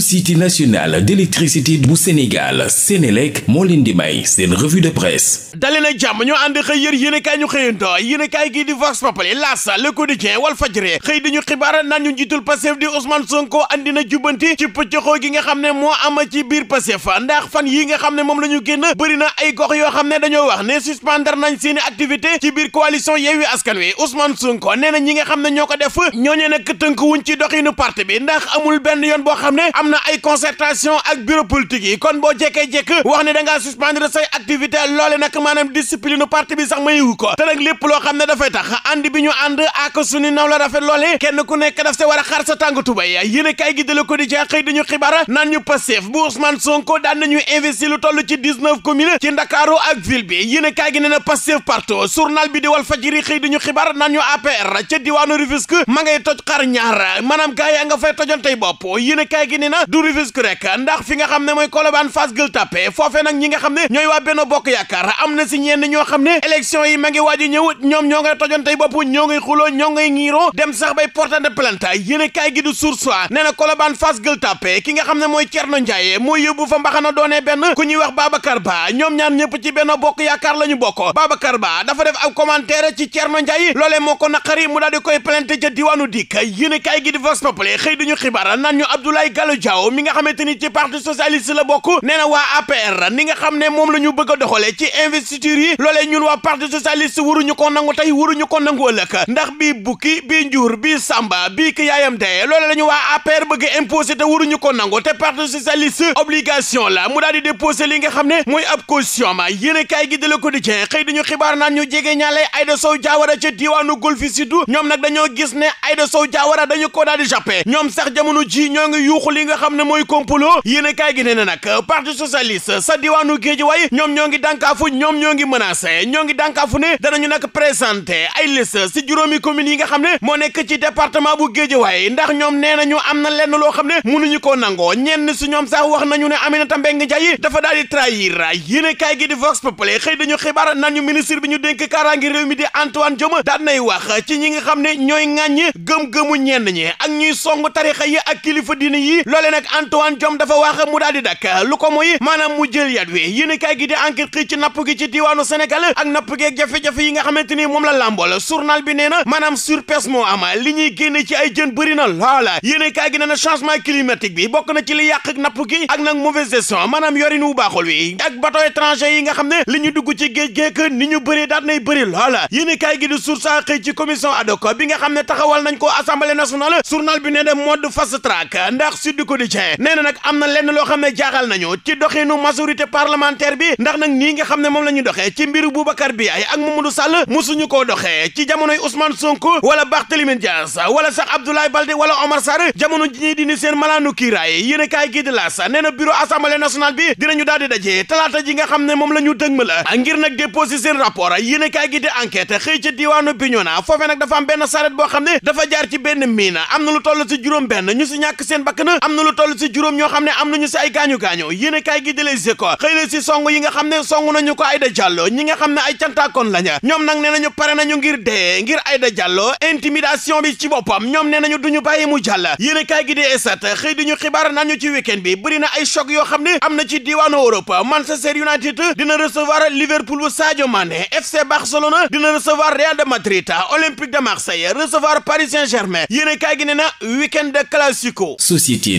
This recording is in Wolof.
société nationale d'électricité bu Sénégal Sénélec moo leen di may seen revue de presse dalena jàmm ñoo ànd xëy yër yéenekaay ñu xëyanto yéenekaay gi di Vox Populi L'As Le Quotidien Walf Fadjri xëy dañu xibaar naan ñu njiitul Pastef di Ousmane Sonko andi na jubbanti ci pëccëxoo gi nga xam ne moo am ci biir Pastef ndax fan yi nga xam ne moom la ñu génn bëri na ay gox yoo xam ne dañoo wax ne suspendre nañ seeni activité ci biir coalition Yewwi Askan Wi Ousmane Sonko nee na ñi nga xam ne ñoo ko def ñooñee nag tënk wuñ ci doxinu parti bi ndax amul am na ay concertation ak bureau politique yi kon boo jekkee-jekk wax ne da ngaa suspendre say activité loole nag maanaam discipline parti bi sax mayiwu ko te nag lépp xam ne dafay tax ànd bi ñu ànd ak suñu naw la loole kenn ku nekk daf se war a xar sa tàng tubay yéen a kaay gi de Le Quotidien xëy dañu xibaar naan ñu Pastef bu Ousmane Sonko daan nañu investir lu toll ci dix-neuf ci Ndakaaru ak ville bi yéen a kaay gi nee na Pastef partout journal bi di Walf Fadjri a ni na du ndax fi nga xam ne mooy Colobane Fass Gueule Tapée foofee nag ñi nga xam ne ñooy waa Benno Bokk Yaakaar am na si ñenn ñoo xam ne élection yi ma ngi waaj a ñoom ñoo ngay tojantey bopp ñoo ngay xuloo ñoo ngay ñiiroo dem sax bay portante plainte yéen kaay gi du Source A nee na Colobane Fass ki nga xam ne mooy Thierno Ndiaye mooy yóbbu fa mbaxana doonee benn ku ñuy wax Babacar Ba ñoom ñaar ñëpp ci Benno Bokk Yaakaar la ñu bokk Babacar Ba dafa def ab commentaire ci Thierno Ndiaye loolee moo ko naqari mu daal di koy plainte ca diwaanu gi di Vox Populi xëy duñu xibaar naan ñu Abdoulaye Daouda Diaw mi nga xamante ni ci parti socialiste la bokk nee na waa APR ni nga xam ne moom la ñu bëgg a ci investiture yi ñun waa parti socialiste waruñu ko nangu tey waruñu ko nangu ëllëg ndax bii bukki bii njuur bii samba bii ki yaayam tey loolee la ñu waa APR bëgg a te waruñu ko nangu te parti socialiste obligation la mu daal di li nga xam ne mooy ab caution ma yéen kaay gi de Le Quotidien xëy dañu xibaar naan ñu jege li nga xam ne mooy complot yéen a kaay gi nee na nag parti socialiste sa diwaanu géej waaye ñoom ñoo ngi dànkaafu ñoom ñoo ngi mën a menacé ñoo ngi dànkaafu ne danañu nag présenté ay liste si juróomi communes yi nga xam ne moo nekk ci département bu Guédiawaye ndax ñoom nee nañu am na lenn loo xam ne mun ñu koo nangoo ñenn si ñoom sax wax nañu ne Aminata Mbengue Ndiaye dafa daal di trahir yéen a kaay gi di Vox Populi xëy dañu xibaar naan ñu ministre bi ñu dénk kaaraange réew mi di Antoine Diome daan nay wax ci ñi nga xam ne ñooy ŋàññi gëm-gëmu ñenn ñi ak ñuy song tarixa yi ak kilifa diine yi loole nag Antoine Diome dafa wax mu daal di dakk lu ko muy maanaam mu jël yat wi yéen a kaay gi di ci napp gi ci diwaanu Sénégal ak napp geeg jafe-jafe yi nga xamante ni moom la làmbool journal bi nee na maanaam surpêche moo am li ñuy génne ci ay jën bëri na loola yéen a kaay gi nee na changement climatique bi bokk na ci li yàq ak napp gi maanaam yorin wu baaxul wi ak yi nga xam ne ñu dugg ci géej géek ni ñu bëree daat nay gi di source xëy ci commission ad bi nga xam ne taxawal nañ ko assemblée nationale journal bi nee na mode fast track ndax sud du Quotidien nee na nag am na lenn loo xam ne jaaxal nañu ci doxinu majorité parlementaire bi ndax nag nii nga xam ne moom la ñu doxee ci mbiru Boubacar Biaye ak Mamadou Sall musuñu koo doxee ci jamonoy Ousmane Sonko wala Barthélémy Dias wala sax Abdoulaye Baldé wala Omar Sarr jamono ji ñuy dindi seen malaanu kiiraay yéen a kaay gi di laas nee na bureau assemblée nationale bi dinañu daal di daje talaata ji nga xam ne moom la ñu dëgma la ngir nag déposé seen rapport yéen a kaay gi di enquête xëy ca diwaanu Bignona foofee nag dafa am benn saret boo xam ne dafa jaar ci benn miina am na lu toll ci juróom benn ñu si ñàkk seen bakkan nu na toll si juróom ñoo xam ne am nañu si ay gaañu-gaañu yéen a kaay gi di Les xëy na si song yi nga xam ne song nañu ko Aïda Diallo ñi nga xam ne ay cantaakoon laña ñoom nag nee nañu pare nañu ngir dee ngir Aïda Diallo intimidation bi ci boppam ñoom nee nañu duñu bàyyi mu jàll yéen a kaay gi di Esat xëy diñu xibaar naan ñu ci week bi bëri na ay choc yoo xam ne am na ci diwaanu Europe Manchester United dina recevoir Liverpool bu Sadio Mané FC Barcelona dina recevoir Real de Madrid Olympique de Marseille recevoir Paris Saint-Germain yéen a kaay gi nee na week-end de classico société